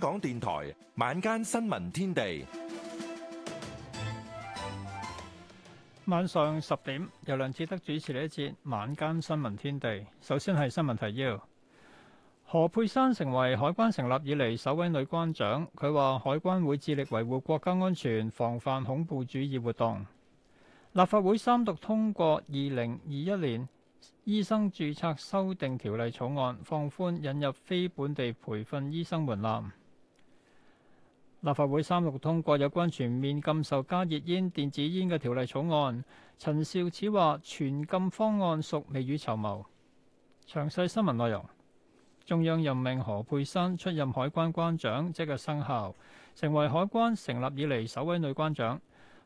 港電台晚間新聞天地，晚上十點由梁志德主持呢一節晚間新聞天地。首先係新聞提要：何佩珊成為海關成立以嚟首位女關長，佢話海關會致力維護國家安全，防範恐怖主義活動。立法會三讀通過二零二一年醫生注冊修訂條例草案，放寬引入非本地培訓醫生門檻。立法會三讀通過有關全面禁售加熱煙電子煙嘅條例草案。陳肇始話：全禁方案屬未雨綢繆。詳細新聞內容。中央任命何佩珊出任海關關長，即日生效，成為海關成立以嚟首位女關長。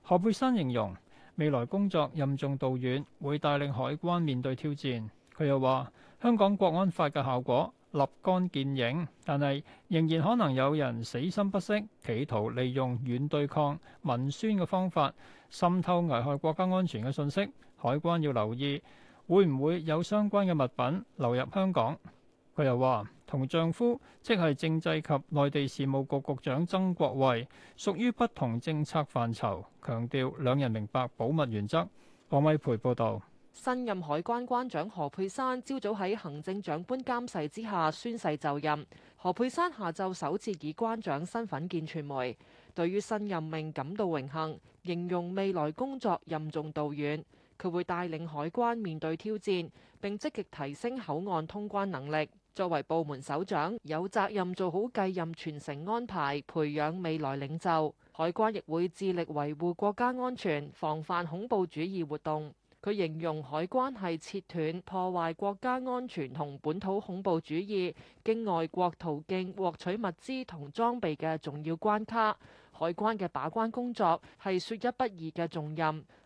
何佩珊形容未來工作任重道遠，會帶領海關面對挑戰。佢又話：香港國安法嘅效果，立竿見影，但係仍然可能有人死心不息，企圖利用軟對抗、文宣嘅方法滲透危害國家安全嘅信息。海關要留意會唔會有相關嘅物品流入香港。佢又話：同丈夫即係政制及內地事務局局長曾國衛屬於不同政策範疇，強調兩人明白保密原則。阿米培報道。新任海關關長何珮珊朝早喺行政長官監誓之下宣誓就任。何珮珊下晝首次以關長身份見傳媒，對於新任命感到榮幸，形容未來工作任重道遠。佢會帶領海關面對挑戰，並積極提升口岸通關能力。作為部門首長，有責任做好繼任傳承安排，培養未來領袖。海關亦會致力維護國家安全，防範恐怖主義活動。佢形容海關係切斷、破壞國家安全同本土恐怖主義經外國途徑獲取物資同裝備嘅重要關卡，海關嘅把關工作係説一不二嘅重任。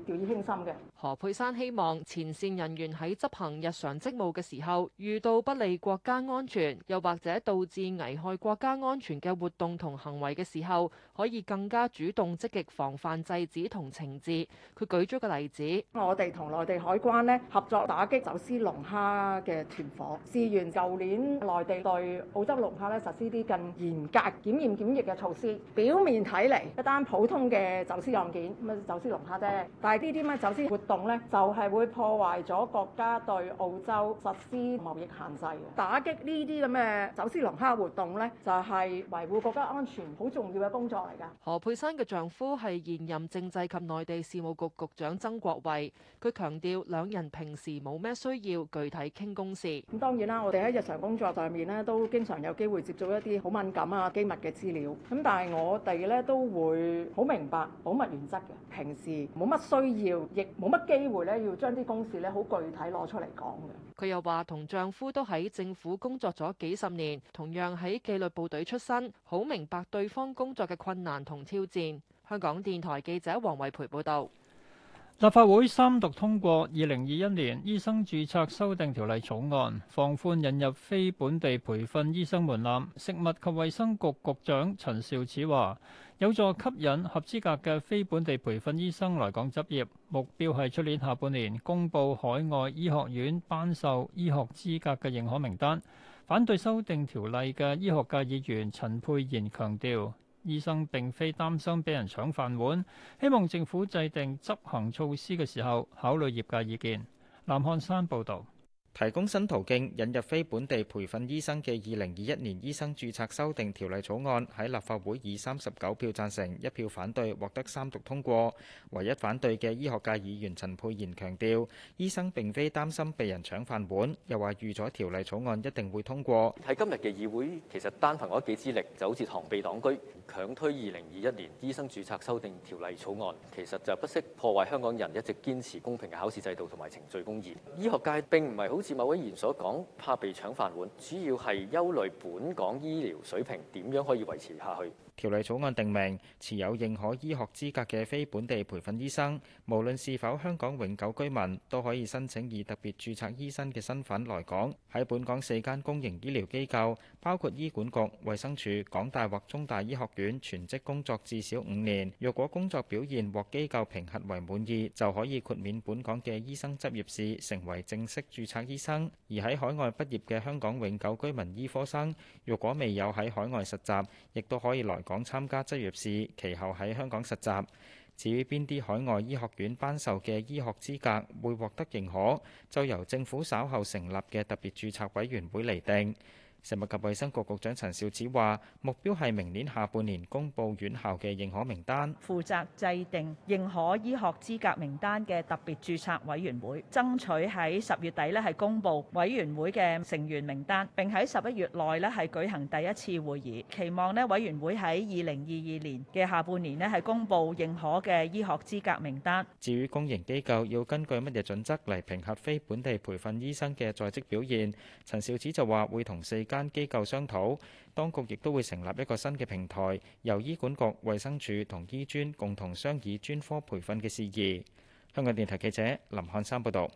掉以輕心嘅。何佩珊希望前線人員喺執行日常職務嘅時候，遇到不利國家安全，又或者導致危害國家安全嘅活動同行為嘅時候，可以更加主動積極防範制止同懲治。佢舉咗個例子，我哋同內地海關咧合作打擊走私龍蝦嘅團伙。事源舊年內地對澳洲龍蝦咧實施啲更嚴格檢驗檢疫嘅措施，表面睇嚟一單普通嘅走私案件，咁啊走私龍蝦啫，但係呢啲咩走私活動。咧就係會破壞咗國家對澳洲實施貿易限制嘅，打擊呢啲咁嘅走私龍蝦活動咧，就係維護國家安全好重要嘅工作嚟㗎。何佩珊嘅丈夫係現任政制及內地事務局局長曾國衛，佢強調兩人平時冇咩需要具體傾公事。咁當然啦，我哋喺日常工作上面咧，都經常有機會接觸一啲好敏感啊機密嘅資料。咁但係我哋咧都會好明白保密原則嘅，平時冇乜需要，亦冇乜。機會要將啲公事好具體攞出嚟講。佢又話：同丈夫都喺政府工作咗幾十年，同樣喺紀律部隊出身，好明白對方工作嘅困難同挑戰。香港電台記者黃惠培報道。立法會三讀通過《二零二一年醫生註冊修訂條例草案》，放寬引入非本地培訓醫生門檻。食物及衛生局局長陳肇始話：有助吸引合資格嘅非本地培訓醫生來港執業。目標係出年下半年公布海外醫學院頒授醫學資格嘅認可名單。反對修訂條例嘅醫學界議員陳沛然強調。醫生並非擔心畀人搶飯碗，希望政府制定執行措施嘅時候考慮業界意見。南漢山報導。提供新途徑引入非本地培訓醫生嘅二零二一年醫生註冊修訂條例草案喺立法會以三十九票贊成一票反對獲得三讀通過。唯一反對嘅醫學界議員陳佩然強調：醫生並非擔心被人搶飯碗，又話預咗條例草案一定會通過。喺今日嘅議會，其實單憑我一己之力就好似螳臂擋車，強推二零二一年醫生註冊修訂條例草案，其實就不惜破壞香港人一直堅持公平嘅考試制度同埋程序公義。醫學界並唔係好接某位議員所講怕被搶飯碗，主要係憂慮本港醫療水平點樣可以維持下去。條例草案定明，持有認可醫學資格嘅非本地培訓醫生，無論是否香港永久居民，都可以申請以特別註冊醫生嘅身份來港，喺本港四間公營醫療機構，包括醫管局、衛生署、港大或中大醫學院，全職工作至少五年。若果工作表現獲機構評核為滿意，就可以豁免本港嘅醫生執業試，成為正式註冊醫生。而喺海外畢業嘅香港永久居民醫科生，若果未有喺海外實習，亦都可以來。港參加執業試，其後喺香港實習。至於邊啲海外醫學院頒授嘅醫學資格會獲得認可，就由政府稍後成立嘅特別註冊委員會嚟定。食物及衛生局局長陳肇始話目標係明年下半年公布院校嘅認可名單。負責制定認可醫學資格名單嘅特別註冊委員會，爭取喺十月底呢係公布委員會嘅成員名單，並喺十一月內呢係舉行第一次會議，期望呢委員會喺二零二二年嘅下半年呢係公布認可嘅醫學資格名單。至於公營機構要根據乜嘢準則嚟評核非本地培訓醫生嘅在職表現，陳肇始就話會同四家間機構商討，當局亦都會成立一個新嘅平台，由醫管局、衛生署同醫專共同商議專科培訓嘅事宜。香港電台記者林漢山報道。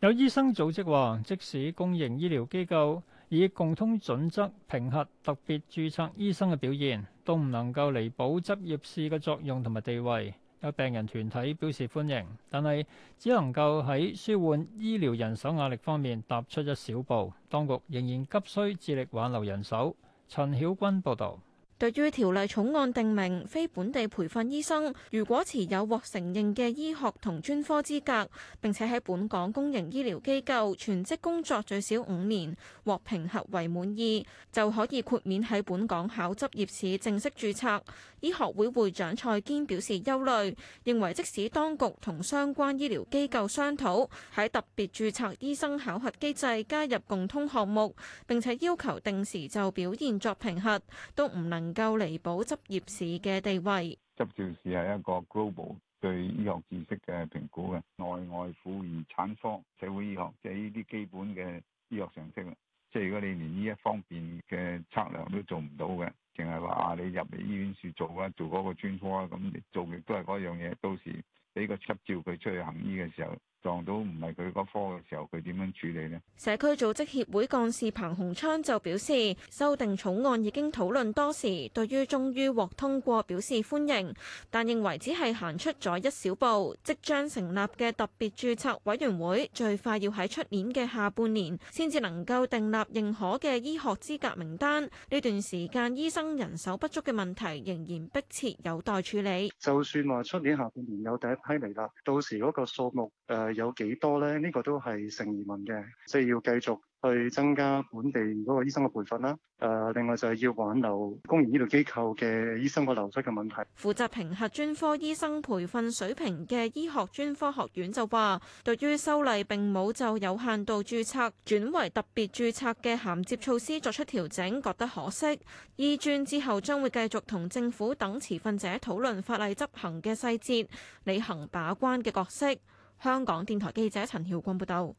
有醫生組織話，即使公營醫療機構以共通準則評核特別註冊醫生嘅表現，都唔能夠彌補執業試嘅作用同埋地位。有病人團體表示歡迎，但係只能夠喺舒緩醫療人手壓力方面踏出一小步，當局仍然急需致力挽留人手。陳曉君報導。對於條例草案定明，非本地培訓醫生如果持有獲承認嘅醫學同專科資格，並且喺本港公營醫療機構全職工作最少五年，獲評核為滿意，就可以豁免喺本港考執業試正式註冊。醫學會會長蔡堅表示憂慮，認為即使當局同相關醫療機構商討，喺特別註冊醫生考核機制加入共通項目，並且要求定時就表現作評核，都唔能能夠彌補執業試嘅地位。執照試係一個 global 對醫學知識嘅評估嘅，內外婦兒產科、社會醫學，即係呢啲基本嘅醫學常識。即係如果你連呢一方面嘅測量都做唔到嘅，淨係話你入嚟醫院處做啊，做嗰個專科啊，咁做嘅都係嗰樣嘢。到時俾個執照佢出去行醫嘅時候。撞到唔係佢嗰科嘅時候，佢點樣處理呢？社區組織協會幹事彭鴻昌就表示，修訂草案已經討論多時，對於終於獲通過表示歡迎，但認為只係行出咗一小步。即將成立嘅特別註冊委員會，最快要喺出年嘅下半年先至能夠訂立認可嘅醫學資格名單。呢段時間，醫生人手不足嘅問題仍然迫切有待處理。就算話出年下半年有第一批嚟啦，到時嗰個數目。誒有幾多呢？呢個都係成疑問嘅，即係要繼續去增加本地嗰個醫生嘅培訓啦。誒，另外就係要挽留公營醫療機構嘅醫生個流失嘅問題。負責評核專科醫生培訓水平嘅醫學專科學院就話，對於修例並冇就有限度註冊轉為特別註冊嘅銜接措施作出調整，覺得可惜。醫專之後將會繼續同政府等持份者討論法例執行嘅細節，履行把關嘅角色。香港電台記者陳曉君報道，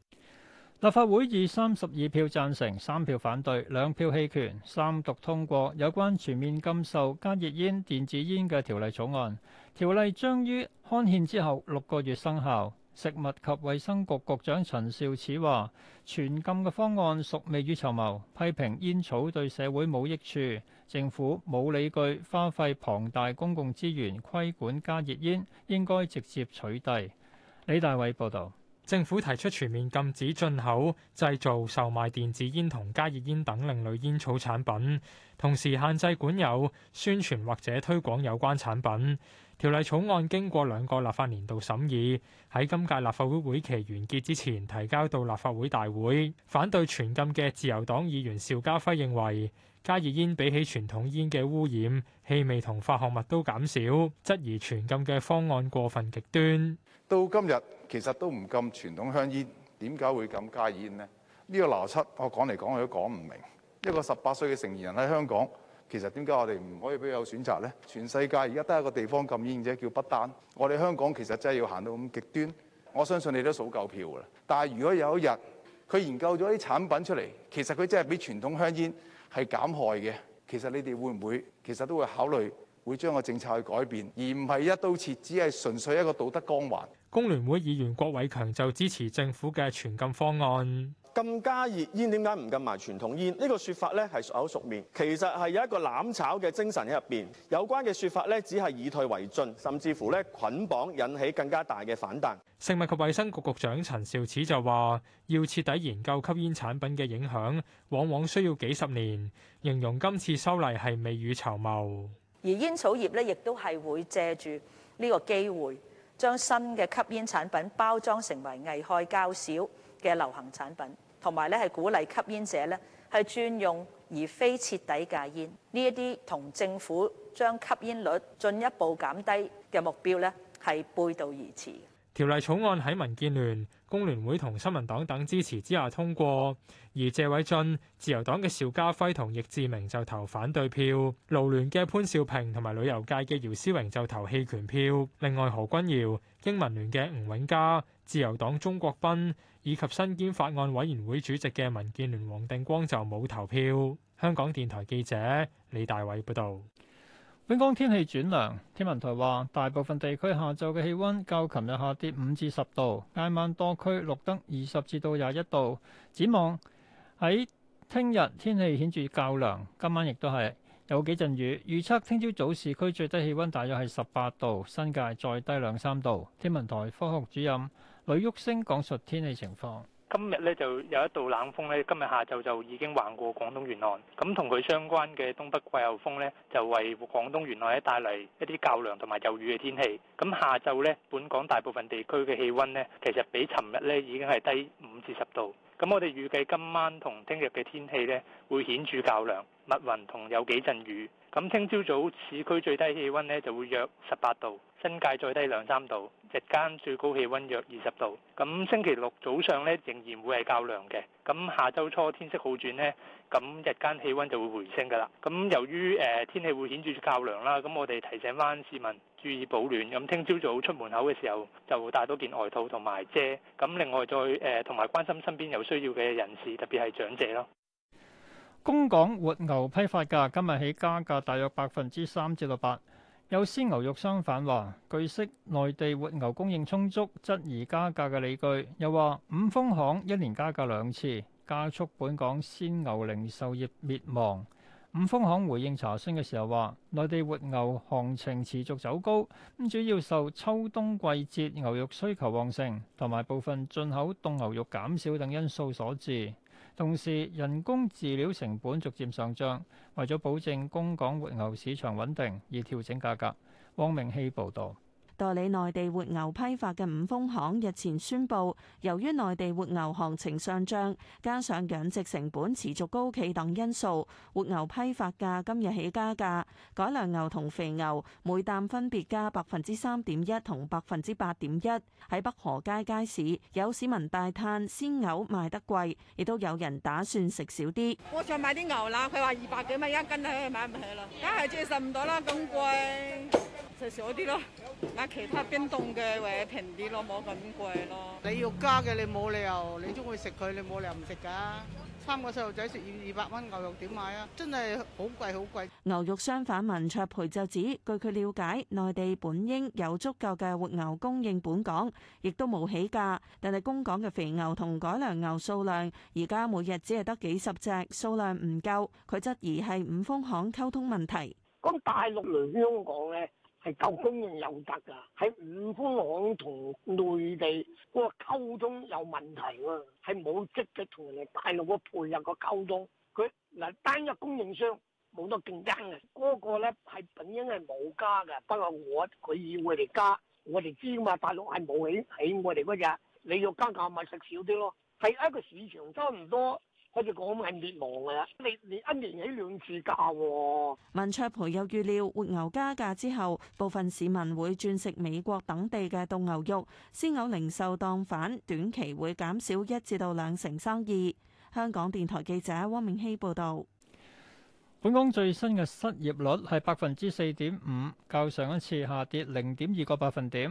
立法會以三十二票贊成，三票反對，兩票棄權，三讀通，通過有關全面禁售加熱煙、電子煙嘅條例草案。條例將於刊憲之後六個月生效。食物及衛生局局長陳肇始話，全禁嘅方案屬未雨綢繆，批評煙草對社會冇益處，政府冇理據花費龐大公共資源規管加熱煙，煙，應該直接取締。李大偉報道，政府提出全面禁止進口、製造、售賣電子煙同加熱煙等另類煙草產品，同時限制管有、宣傳或者推廣有關產品。條例草案經過兩個立法年度審議，喺今屆立法會會期完結之前提交到立法會大會。反對全禁嘅自由黨議員邵家輝認為，加熱煙比起傳統煙嘅污染、氣味同化學物都減少，質疑全禁嘅方案過分極端。到今日其實都唔禁傳統香煙，點解會咁戒煙呢？呢、這個邏輯我講嚟講去都講唔明。一個十八歲嘅成年人喺香港，其實點解我哋唔可以俾佢有選擇呢？全世界而家得一個地方禁煙啫，叫不丹。我哋香港其實真係要行到咁極端，我相信你都數夠票啦。但係如果有一日佢研究咗啲產品出嚟，其實佢真係比傳統香煙係減害嘅，其實你哋會唔會其實都會考慮？會將個政策去改變，而唔係一刀切，只係純粹一個道德光環。工聯會議員郭偉強就支持政府嘅全禁方案。禁加熱煙點解唔禁埋傳統煙？呢個説法呢係熟口熟面，其實係有一個攬炒嘅精神喺入邊。有關嘅説法呢，只係以退為進，甚至乎呢捆綁，引起更加大嘅反彈。食物及衞生局局長陳肇始就話，要徹底研究吸煙產品嘅影響，往往需要幾十年。形容今次修例係未雨綢繆。而煙草業咧，亦都係會借住呢個機會，將新嘅吸煙產品包裝成為危害較少嘅流行產品，同埋咧係鼓勵吸煙者咧係專用而非徹底戒煙。呢一啲同政府將吸煙率進一步減低嘅目標咧係背道而馳。條例草案喺民建聯、工聯會同新民黨等支持之下通過，而謝偉俊、自由黨嘅邵家輝同易志明就投反對票，勞聯嘅潘兆平同埋旅遊界嘅姚思榮就投棄權票。另外，何君堯、經民聯嘅吳永嘉、自由黨鍾國斌以及身兼法案委員會主席嘅民建聯黃定光就冇投票。香港電台記者李大偉報道。本港天氣轉涼，天文台話大部分地區下晝嘅氣溫較琴日下跌五至十度，挨晚多區錄得二十至到廿一度。展望喺聽日天氣顯著較涼，今晚亦都係有幾陣雨。預測聽朝早市區最低氣溫大約係十八度，新界再低兩三度。天文台科學主任呂旭星講述天氣情況。今日咧就有一道冷風咧，今日下晝就已經橫過廣東沿岸，咁同佢相關嘅東北季候風咧，就為廣東沿岸咧帶嚟一啲較涼同埋有雨嘅天氣。咁下晝咧，本港大部分地區嘅氣温咧，其實比尋日咧已經係低五至十度。咁我哋預計今晚同聽日嘅天氣咧，會顯著較涼，密雲同有幾陣雨。咁聽朝早市區最低氣温呢就會約十八度，新界再低兩三度。日間最高氣温約二十度。咁星期六早上呢仍然會係較涼嘅。咁下周初天色好轉呢，咁日間氣温就會回升噶啦。咁由於誒天氣會顯著較涼啦，咁我哋提醒翻市民注意保暖。咁聽朝早出門口嘅時候就帶多件外套同埋遮。咁另外再誒同埋關心身邊有需要嘅人士，特別係長者咯。供港活牛批發價今日起加價，大約百分之三至到八。有鮮牛肉商反話，據悉內地活牛供應充足，質疑加價嘅理據。又話五豐行一年加價兩次，加速本港鮮牛零售業滅亡。五豐行回應查詢嘅時候話，內地活牛行情持續走高，咁主要受秋冬季節牛肉需求旺盛同埋部分進口凍牛肉減少等因素所致。同時，人工飼料成本逐漸上漲，為咗保證供港活牛市場穩定，而調整價格。汪明熙報道。代理內地活牛批發嘅五豐行日前宣布，由於內地活牛行情上漲，加上養殖成本持續高企等因素，活牛批發價今日起加價，改良牛同肥牛每擔分別加百分之三點一同百分之八點一。喺北河街街市，有市民大嘆鮮牛賣得貴，亦都有人打算食少啲。我想買啲牛腩，佢話二百幾蚊一斤啦，買唔起啦，梗係接受唔到啦，咁貴，食少啲咯。其他冰凍嘅或者平啲咯，冇咁貴咯。你要加嘅，你冇理由，你鍾意食佢，你冇理由唔食噶。三個細路仔食要二百蚊牛肉點買啊？真係好貴好貴。牛肉商販文卓培就指，據佢瞭解，內地本應有足夠嘅活牛供應本港，亦都冇起價。但係供港嘅肥牛同改良牛數量，而家每日只係得幾十隻，數量唔夠。佢質疑係五豐行溝通問題。咁大陸嚟香港咧？係夠供應有得㗎，喺五豐行同內地個溝通有問題喎，係冇積極同人哋大陸個配合個溝通，佢嗱單一供應商冇得競爭嘅，嗰、嗰個咧係本應係冇加嘅，不過我佢以我哋加，我哋知嘛，大陸係冇起，起我哋嗰隻，你要加價咪食少啲咯，係一個市場差唔多。我哋講係滅亡㗎，你，你一年起兩次價。文卓培又預料活牛加價之後，部分市民會轉食美國等地嘅凍牛肉，鮮牛零售檔反短期會減少一至到兩成生意。香港電台記者汪明希報導。本港最新嘅失業率係百分之四點五，較上一次下跌零點二個百分點。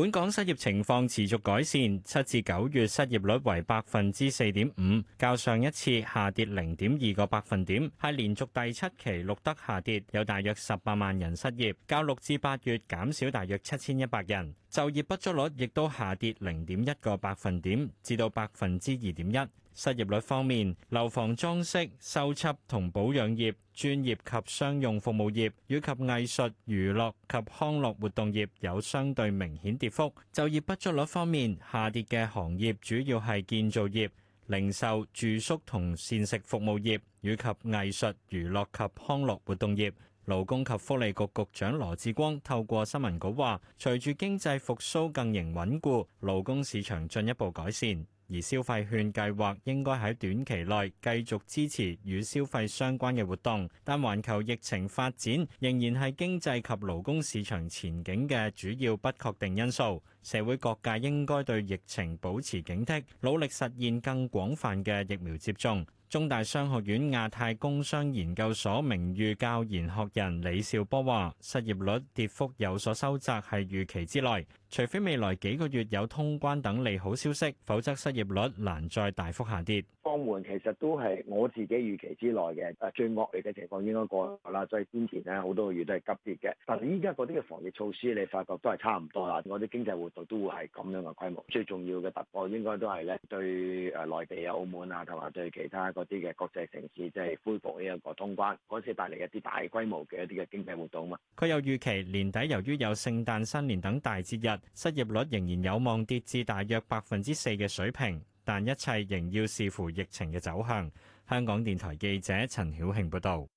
本港失業情況持續改善，七至九月失業率為百分之四點五，較上一次下跌零點二個百分點，係連續第七期錄得下跌，有大約十八萬人失業，較六至八月減少大約七千一百人。就業不足率亦都下跌零點一個百分點，至到百分之二點一。失業率方面，樓房裝飾、修葺同保養業、專業及商用服務業，以及藝術、娛樂及康樂活動業有相對明顯跌幅。就業不足率方面，下跌嘅行業主要係建造業、零售、住宿同膳食服務業，以及藝術、娛樂及康樂活動業。勞工及福利局局局長羅致光透過新聞稿話：隨住經濟復甦更形穩固，勞工市場進一步改善。而消費券計劃應該喺短期內繼續支持與消費相關嘅活動，但環球疫情發展仍然係經濟及勞工市場前景嘅主要不確定因素。社會各界應該對疫情保持警惕，努力實現更廣泛嘅疫苗接種。中大商學院亞太工商研究所名譽教研學人李兆波話，失業率跌幅有所收窄係預期之內。除非未來幾個月有通關等利好消息，否則失業率難再大幅下跌。放緩其實都係我自己預期之內嘅。誒，最惡劣嘅情況應該過咗啦。所以先前咧好多個月都係急跌嘅。但係依家嗰啲嘅防疫措施，你發覺都係差唔多啦。嗰啲經濟活動都會係咁樣嘅規模。最重要嘅突破應該都係咧對誒內地啊、澳門啊，同埋對其他嗰啲嘅國際城市，即係恢復呢一個通關，嗰次帶嚟一啲大規模嘅一啲嘅經濟活動啊嘛。佢又預期年底由於有聖誕、新年等大節日。失業率仍然有望跌至大約百分之四嘅水平，但一切仍要視乎疫情嘅走向。香港電台記者陳曉慶報道。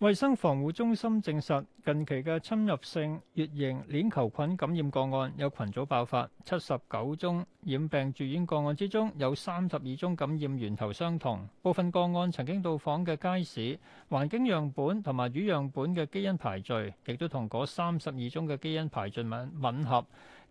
衛生防護中心證實，近期嘅侵入性乙型鏈球菌感染個案有群組爆發，七十九宗染病住院個案之中，有三十二宗感染源頭相同。部分個案曾經到訪嘅街市、環境樣本同埋魚樣本嘅基因排序，亦都同嗰三十二宗嘅基因排序吻合。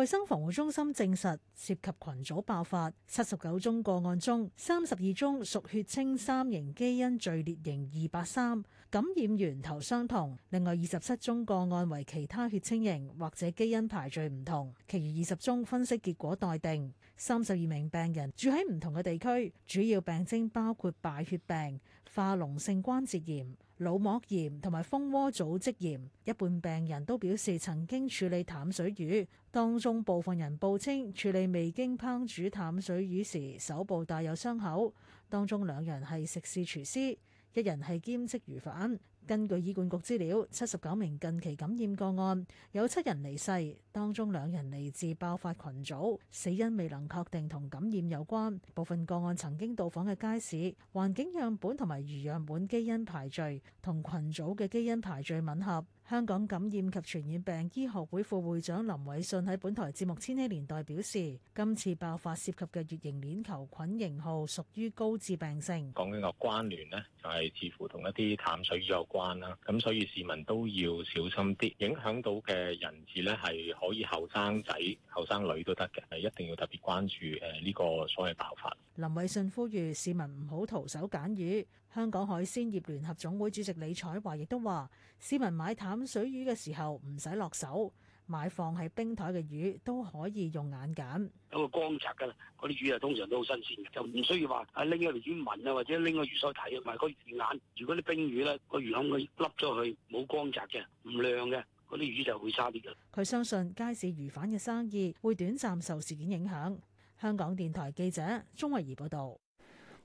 衛生防護中心證實涉及群組爆發，七十九宗個案中，三十二宗屬血清三型基因序列型二八三，感染源頭相同。另外二十七宗個案為其他血清型或者基因排序唔同，其餘二十宗分析結果待定。三十二名病人住喺唔同嘅地區，主要病徵包括敗血病、化膿性關節炎。腦膜炎同埋蜂窩組織炎，一半病人都表示曾經處理淡水魚。當中部分人報稱處理未經烹煮淡水魚時手部帶有傷口，當中兩人係食肆廚師，一人係兼職魚販。根據醫管局資料，七十九名近期感染個案，有七人離世，當中兩人嚟自爆發群組，死因未能確定同感染有關。部分個案曾經到訪嘅街市，環境樣本同埋魚樣本基因排序，同群組嘅基因排序吻合。香港感染及傳染病醫學會副會長林偉信喺本台節目《千禧年代》表示，今次爆發涉及嘅乙型鏈球菌型號屬於高致病性。講緊個關聯咧，就係、是、似乎同一啲淡水魚有關啦。咁所以市民都要小心啲。影響到嘅人士咧，係可以後生仔、後生女都得嘅，係一定要特別關注誒呢個所謂爆發。林偉信呼籲市民唔好徒手揀魚。香港海鮮業聯合總會主席李彩華亦都話：市民買淡水魚嘅時候唔使落手，買放喺冰台嘅魚都可以用眼揀，有個光澤㗎啦。嗰啲魚啊通常都好新鮮嘅，就唔需要話啊拎嗰條魚聞啊或者拎個魚鰓睇啊。買個魚眼，如果啲冰魚咧個魚腔佢凹咗去，冇光澤嘅，唔亮嘅，嗰啲魚就會差啲㗎啦。佢相信街市魚販嘅生意會短暫受事件影響。香港電台記者鍾慧儀報道。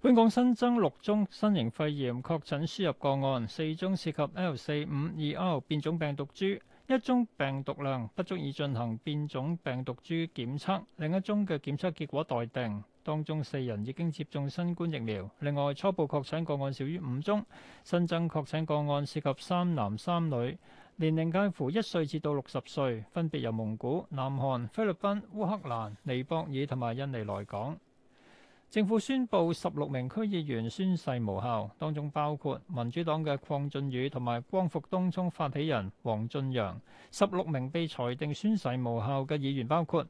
本港新增六宗新型肺炎確診輸入個案，四宗涉及 L 四五二 R 變種病毒株，一宗病毒量不足以進行變種病毒株檢測，另一宗嘅檢測結果待定。當中四人已經接種新冠疫苗。另外，初步確診個案少於五宗，新增確診個案涉及三男三女，年齡介乎一歲至到六十歲，分別由蒙古、南韓、菲律賓、烏克蘭、尼泊爾同埋印尼來港。政府宣布十六名區議員宣誓無效，當中包括民主黨嘅鄺俊宇同埋光復東涌發起人黃俊陽。十六名被裁定宣誓無效嘅議員包括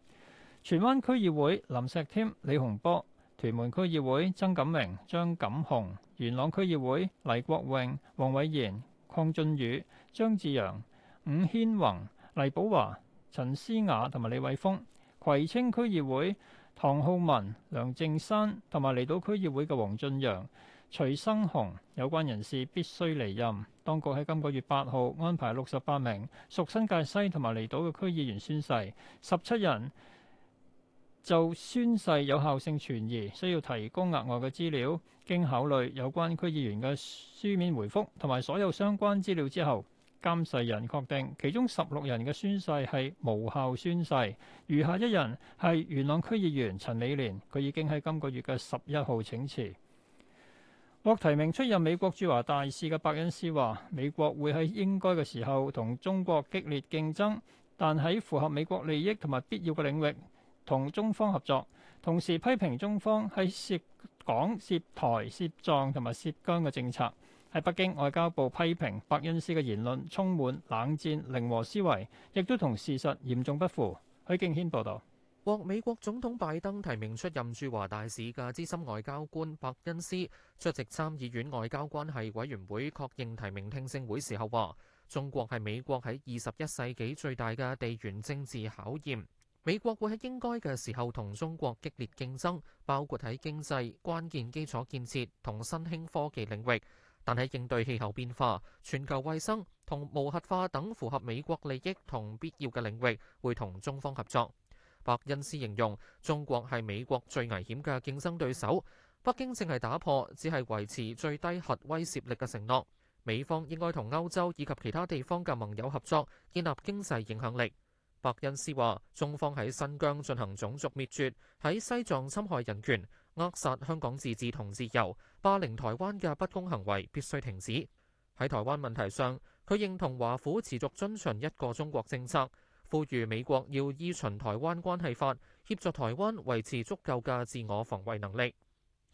荃灣區議會林石添、李洪波，屯門區議會曾錦明、張錦雄，元朗區議會黎國榮、黃偉賢、鄺俊宇、張志陽、伍謙宏、黎寶華、陳思雅同埋李偉峰、葵青區議會。唐浩文、梁正山同埋離島區議會嘅黃俊陽、徐生雄，有關人士必須離任。當局喺今個月八號安排六十八名屬新界西同埋離島嘅區議員宣誓，十七人就宣誓有效性存疑，需要提供額外嘅資料。經考慮有關區議員嘅書面回覆同埋所有相關資料之後，監誓人確定，其中十六人嘅宣誓係無效宣誓，餘下一人係元朗區議員陳美蓮，佢已經喺今個月嘅十一號請辭。獲提名出任美國駐華大使嘅白恩斯話：美國會喺應該嘅時候同中國激烈競爭，但喺符合美國利益同埋必要嘅領域同中方合作。同時批評中方喺涉港、涉台、涉藏同埋涉疆嘅政策。喺北京外交部批評白恩斯嘅言論充滿冷戰零和思維，亦都同事實嚴重不符。許敬軒報道。獲美國總統拜登提名出任駐華大使嘅資深外交官白恩斯出席參議院外交關係委員會確認提名聽證會時候話，中國係美國喺二十一世紀最大嘅地緣政治考驗，美國會喺應該嘅時候同中國激烈競爭，包括喺經濟關鍵基礎建設同新興科技領域。但係應對氣候變化、全球衞生同無核化等符合美國利益同必要嘅領域，會同中方合作。白恩斯形容中國係美國最危險嘅競爭對手，北京正係打破只係維持最低核威懾力嘅承諾。美方應該同歐洲以及其他地方嘅盟友合作，建立經濟影響力。白恩斯話：中方喺新疆進行種族滅絕，喺西藏侵害人權，扼殺香港自治同自由。霸凌台灣嘅不公行為必須停止。喺台灣問題上，佢認同華府持續遵循一個中國政策，呼籲美國要依循《台灣關係法》，協助台灣維持足夠嘅自我防衛能力。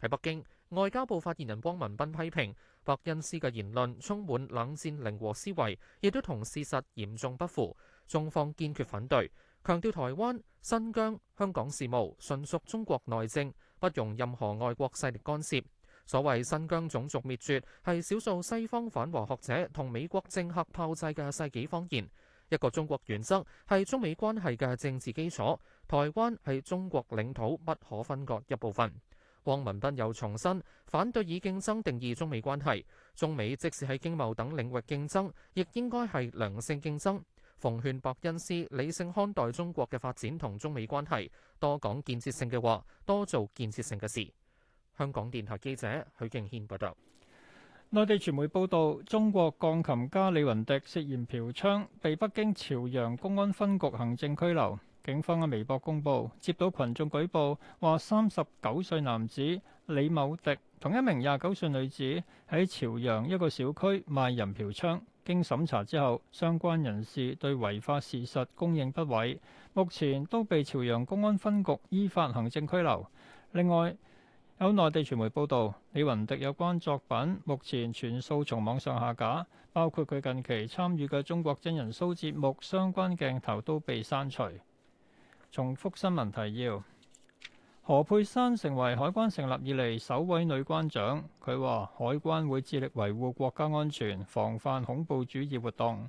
喺北京，外交部發言人汪文斌批評伯恩斯嘅言論充滿冷戰零和思維，亦都同事實嚴重不符。中方堅決反對，強調台灣、新疆、香港事務純屬中國內政，不容任何外國勢力干涉。所謂新疆種族滅絕係少數西方反華學者同美國政客炮製嘅世紀謊言。一個中國原則係中美關係嘅政治基礎，台灣係中國領土不可分割一部分。汪文斌又重申反對以競爭定義中美關係。中美即使喺經貿等領域競爭，亦應該係良性競爭。奉勸伯恩斯理性看待中國嘅發展同中美關係，多講建設性嘅話，多做建設性嘅事。香港電台記者許敬軒報道，內地傳媒報道，中國鋼琴家李雲迪涉嫌嫖娼，被北京朝陽公安分局行政拘留。警方喺微博公布，接到群眾舉報，話三十九歲男子李某迪同一名廿九歲女子喺朝陽一個小區賣淫嫖娼。經審查之後，相關人士對違法事實供認不諱，目前都被朝陽公安分局依法行政拘留。另外，有內地傳媒報導，李雲迪有關作品目前全數從網上下架，包括佢近期參與嘅中國真人 show 節目相關鏡頭都被刪除。重複新聞提要：何佩珊成為海關成立以嚟首位女關長，佢話海關會致力維護國家安全，防範恐怖主義活動。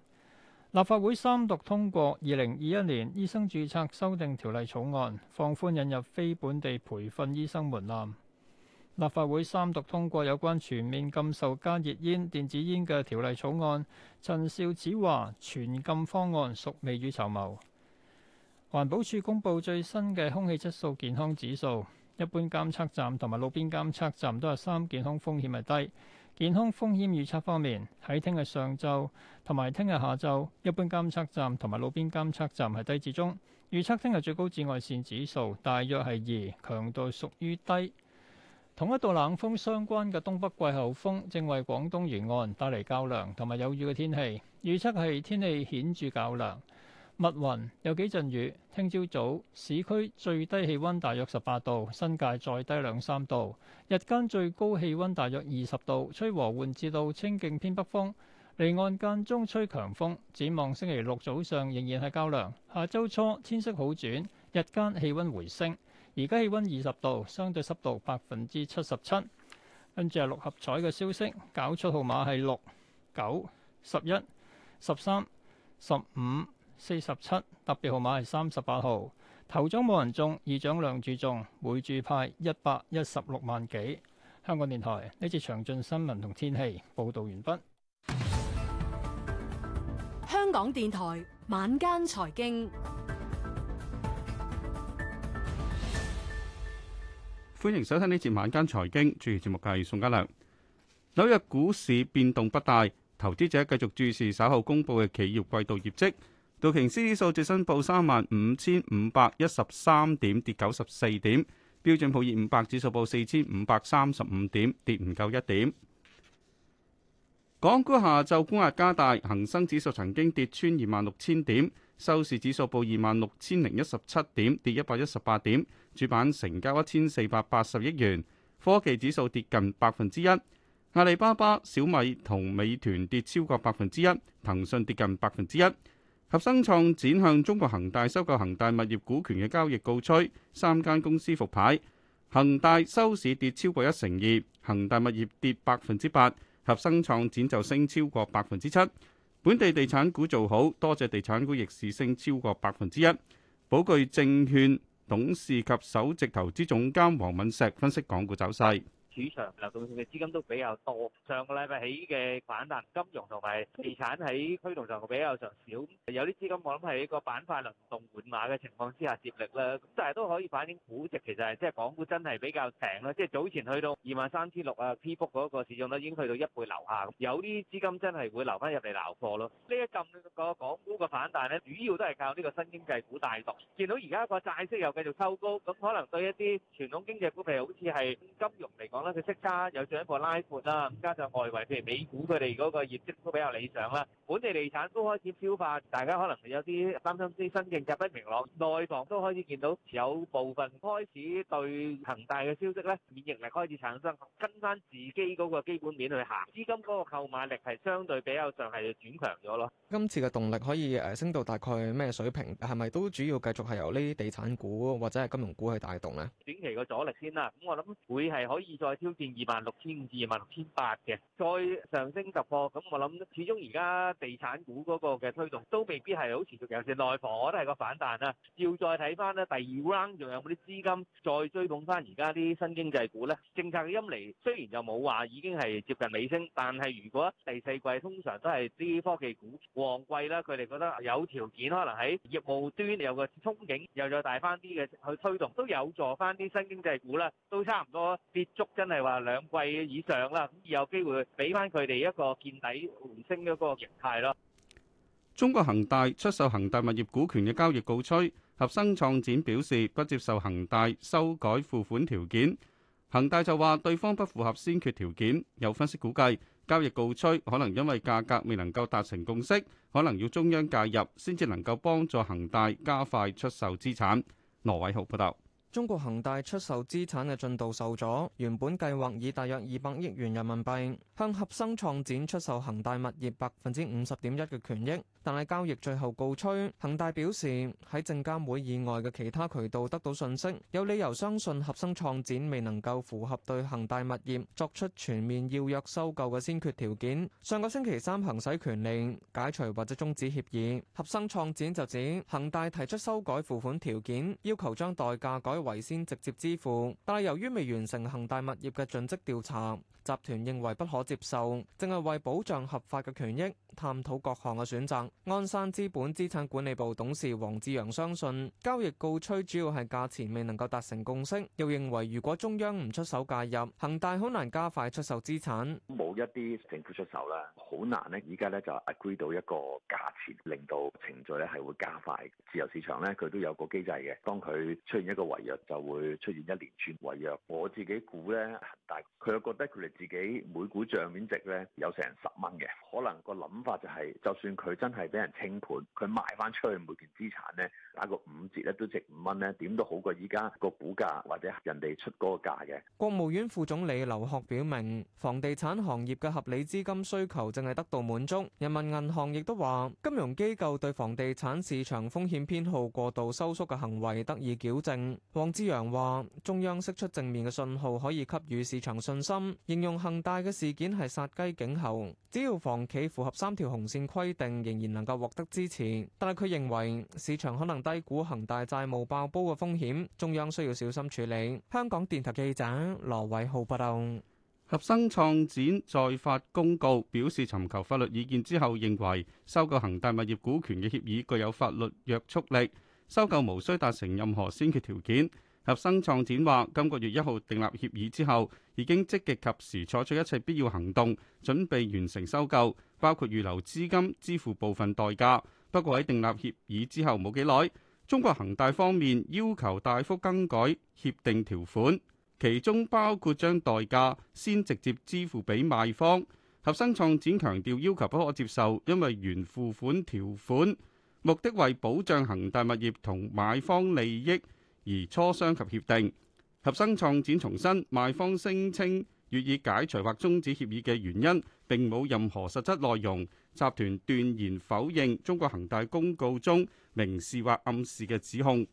立法會三讀通過《二零二一年醫生註冊修訂條例草案》，放寬引入非本地培訓醫生門檻。立法會三讀通過有關全面禁售加熱煙、電子煙嘅條例草案。陳肇始話：全禁方案屬未雨綢繆。環保署公布最新嘅空氣質素健康指數，一般監測站同埋路邊監測站都係三，健康風險係低。健康風險預測方面，喺聽日上晝同埋聽日下晝，一般監測站同埋路邊監測站係低至中。預測聽日最高紫外線指數大約係二，強度屬於低。同一道冷風相關嘅東北季候風，正為廣東沿岸帶嚟較涼同埋有雨嘅天氣。預測係天氣顯著較涼，密雲有幾陣雨。聽朝早，早市區最低氣温大約十八度，新界再低兩三度。日間最高氣温大約二十度，吹和緩至到清勁偏北風。離岸間中吹強風。展望星期六早上仍然係較涼。下周初天色好轉，日間氣温回升。而家氣溫二十度，相對濕度百分之七十七。跟住係六合彩嘅消息，搞出號碼係六九十一十三十五四十七，特別號碼係三十八號，頭獎冇人中，二獎兩注中，每注派一百一十六萬幾。香港電台呢次詳盡新聞同天氣報道完畢。香港電台，港電台晚間財經。歡迎收聽呢節晚間財經，主持節目嘅係宋家良。紐約股市變動不大，投資者繼續注視稍後公布嘅企業季度業績。道瓊斯指數最新報三萬五千五百一十三點，跌九十四點；標準普爾五百指數報四千五百三十五點，跌唔夠一點。港股下晝沽壓加大，恒生指數曾經跌穿二萬六千點。收市指數報二萬六千零一十七點，跌一百一十八點，主板成交一千四百八十億元。科技指數跌近百分之一，阿里巴巴、小米同美團跌超過百分之一，騰訊跌近百分之一。合生創展向中國恒大收購恒大物業股權嘅交易告吹，三間公司復牌。恒大收市跌超過一成二，恒大物業跌百分之八，合生創展就升超過百分之七。本地地產股做好，多隻地產股逆市升超過百分之一，寶鉅證券董事及首席投資總監黃敏石分析港股走勢。市場流動性嘅資金都比較多，上個禮拜起嘅反彈，金融同埋地產喺驅動上比較上少，有啲資金我諗喺個板塊輪動換馬嘅情況之下接力啦，咁但係都可以反映估值其實係即係港股真係比較平咯，即係早前去到二萬三千六啊，P book 嗰個市況都已經去到一倍樓下，咁有啲資金真係會留翻入嚟鬧貨咯。呢一陣個港股嘅反彈咧，主要都係靠呢個新經濟股帶動。見到而家個債息又繼續收高，咁可能對一啲傳統經濟股，譬如好似係金融嚟講，佢息差有進一步拉寬啦，加上外圍譬如美股佢哋嗰個業績都比較理想啦，本地地產都開始消化，大家可能有啲擔心啲新政策不明朗，內房都開始見到有部分開始對恒大嘅消息咧免疫力開始產生，跟翻自己嗰個基本面去行，資金嗰個購買力係相對比較上係轉強咗咯。今次嘅動力可以誒升到大概咩水平？係咪都主要繼續係由呢啲地產股或者係金融股去帶動咧？短期個阻力先啦，咁我諗會係可以再。挑戰二萬六千五至二萬六千八嘅，再上升突破咁，我諗始終而家地產股嗰個嘅推動都未必係好持續嘅。有時內房我都係個反彈啦，要再睇翻咧第二 round 仲有冇啲資金再追捧翻而家啲新經濟股咧？政策嘅陰霾雖然又冇話已經係接近尾聲，但係如果第四季通常都係啲科技股旺季啦，佢哋覺得有條件可能喺業務端有個憧憬，又再大翻啲嘅去推動，都有助翻啲新經濟股咧，都差唔多跌足真係話兩季以上啦，咁有機會俾翻佢哋一個見底回升嘅嗰個形態咯。中國恒大出售恒大物業股權嘅交易告吹，合生創展表示不接受恒大修改付款條件，恒大就話對方不符合先決條件。有分析估計，交易告吹可能因為價格未能夠達成共識，可能要中央介入先至能夠幫助恒大加快出售資產。羅偉豪報道。中國恒大出售資產嘅進度受阻，原本計劃以大約二百億元人民幣，向合生創展出售恒大物業百分之五十點一嘅權益，但係交易最後告吹。恒大表示喺證監會以外嘅其他渠道得到信息，有理由相信合生創展未能夠符合對恒大物業作出全面要約收購嘅先決條件。上個星期三行使權力，解除或者終止協議，合生創展就指恒大提出修改付款條件，要求將代價改為先直接支付，但係由於未完成恒大物業嘅盡職調查，集團認為不可。接受，淨係為保障合法嘅權益。探討各項嘅選擇。鞍山資本資產管理部董事黃志陽相信交易告吹主要係價錢未能夠達成共識。又認為如果中央唔出手介入，恒大好難加快出售資產。冇一啲政府出手咧，好難呢。而家咧就 agree 到一個價錢，令到程序咧係會加快。自由市場咧佢都有個機制嘅，當佢出現一個違約就會出現一連串違約。我自己估咧，恒大佢又覺得佢哋自己每股賬面值咧有成十蚊嘅，可能個諗。法就係就算佢真係俾人清盤，佢賣翻出去每件資產咧打個五折咧都值五蚊咧，點都好過依家個股價或者人哋出嗰個價嘅。國務院副總理劉鶴表明，房地產行業嘅合理資金需求正係得到滿足。人民銀行亦都話，金融機構對房地產市場風險偏好過度收縮嘅行為得以矯正。黃之陽話中央釋出正面嘅信號可以給予市場信心。形容恒大嘅事件係殺雞儆猴，只要房企符合三。條紅線規定仍然能夠獲得支持，但係佢認為市場可能低估恒大債務爆煲嘅風險，中央需要小心處理。香港電台記者羅偉浩報道。合生創展再發公告，表示尋求法律意見之後，認為收購恒大物業股權嘅協議具有法律約束力，收購無需達成任何先決條件。合生創展話，今個月一號訂立協議之後，已經積極及時採取一切必要行動，準備完成收購。包括預留資金支付部分代價，不過喺訂立協議之後冇幾耐，中國恒大方面要求大幅更改協定條款，其中包括將代價先直接支付俾賣方。合生創展強調要求不可接受，因為原付款條款目的為保障恒大物業同買方利益而磋商及協定。合生創展重申，賣方聲稱，予以解除或終止協議嘅原因，並冇任何實質內容。集團斷然否認中國恒大公告中明示或暗示嘅指控。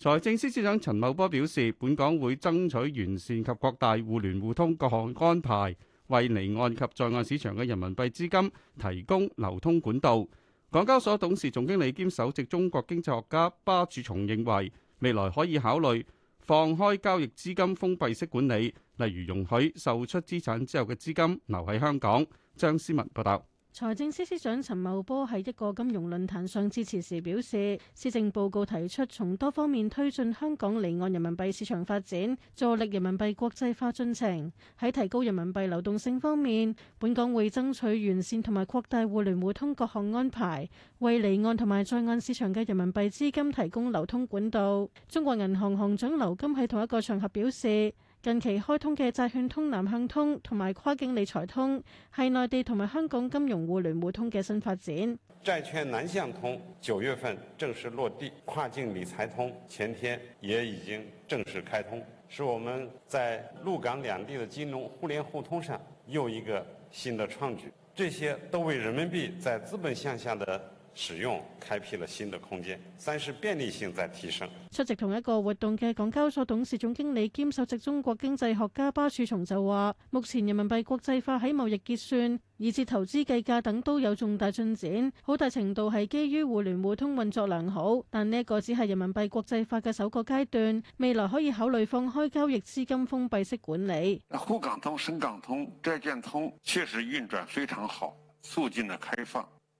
財政司司長陳茂波表示，本港會爭取完善及擴大互聯互通各項安排，為離岸及在岸市場嘅人民幣資金提供流通管道。港交所董事總經理兼首席中國經濟學家巴曙松認為，未來可以考慮放開交易資金封閉式管理。例如容許售出資產之後嘅資金留喺香港。張思文報道，財政司司長陳茂波喺一個金融論壇上致辭時表示，施政報告提出從多方面推進香港離岸人民幣市場發展，助力人民幣國際化進程。喺提高人民幣流動性方面，本港會爭取完善同埋擴大互聯互通各項安排，為離岸同埋在岸市場嘅人民幣資金提供流通管道。中國銀行行長劉金喺同一個場合表示。近期開通嘅債券通南向通同埋跨境理財通係內地同埋香港金融互聯互通嘅新發展。債券南向通九月份正式落地，跨境理財通前天也已經正式開通，是我們在陸港兩地的金融互聯互通上又一個新的創舉。這些都為人民幣在資本項下的使用開闢了新的空間。三是便利性在提升。出席同一個活動嘅港交所董事總經理兼首席中國經濟學家巴曙松就話，目前人民幣國際化喺貿易結算、以至投資計價等都有重大進展，好大程度係基於互聯互通運作良好。但呢個只係人民幣國際化嘅首個階段，未來可以考慮放開交易資金封閉式管理。滬港通、深港通、債券通確實運轉非常好，促進了開放。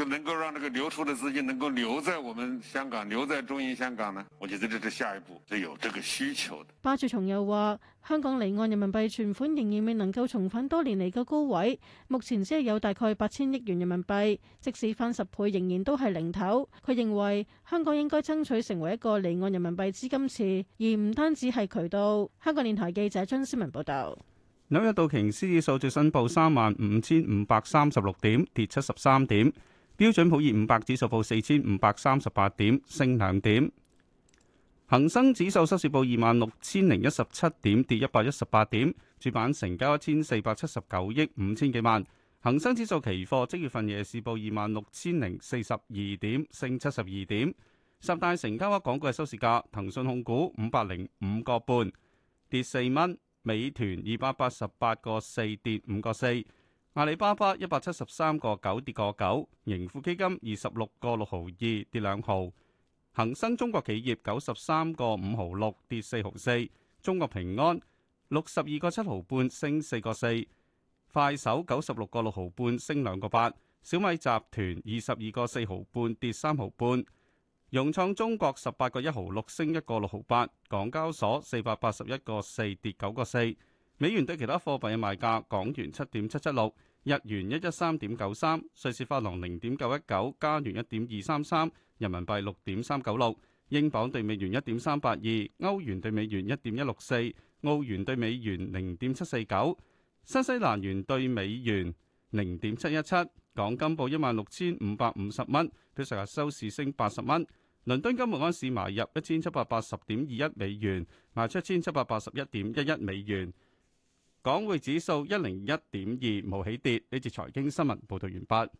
就能夠讓這個流出的資金能夠留在我們香港，留在中英香港呢？我覺得這是下一步，有這個需求的。巴卓松又話，香港離岸人民幣存款仍然未能夠重返多年嚟嘅高位，目前只係有大概八千億元人民幣，即使翻十倍，仍然都係零頭。佢認為香港應該爭取成為一個離岸人民幣資金池，而唔單止係渠道。香港電台記者張思文報道。紐約道瓊斯指數最新報三萬五千五百三十六點，跌七十三點。標準普爾五百指數報四千五百三十八點，升兩點。恒生指數收市報二萬六千零一十七點，跌一百一十八點。主板成交一千四百七十九億五千幾萬。恒生指數期貨即月份夜市報二萬六千零四十二點，升七十二點。十大成交額港股嘅收市價，騰訊控股五百零五個半，跌四蚊。美團二百八十八個四，跌五個四。阿里巴巴一百七十三個九跌個九，盈富基金二十六個六毫二跌兩毫，恒生中國企業九十三個五毫六跌四毫四，中國平安六十二個七毫半升四個四，快手九十六個六毫半升兩個八，小米集團二十二個四毫半跌三毫半，融創中國十八個一毫六升一個六毫八，港交所四百八十一個四跌九個四。美元對其他貨幣嘅賣價：港元七點七七六，日元一一三點九三，瑞士法郎零點九一九，加元一點二三三，人民幣六點三九六，英鎊對美元一點三八二，歐元對美元一點一六四，澳元對美元零點七四九，新西蘭元對美元零點七一七。港金報一萬六千五百五十蚊，比上日收市升八十蚊。倫敦金每盎司買入一千七百八十點二一美元，賣出一千七百八十一點一一美元。港匯指數一零一點二，冇起跌。呢節財經新聞報道完畢。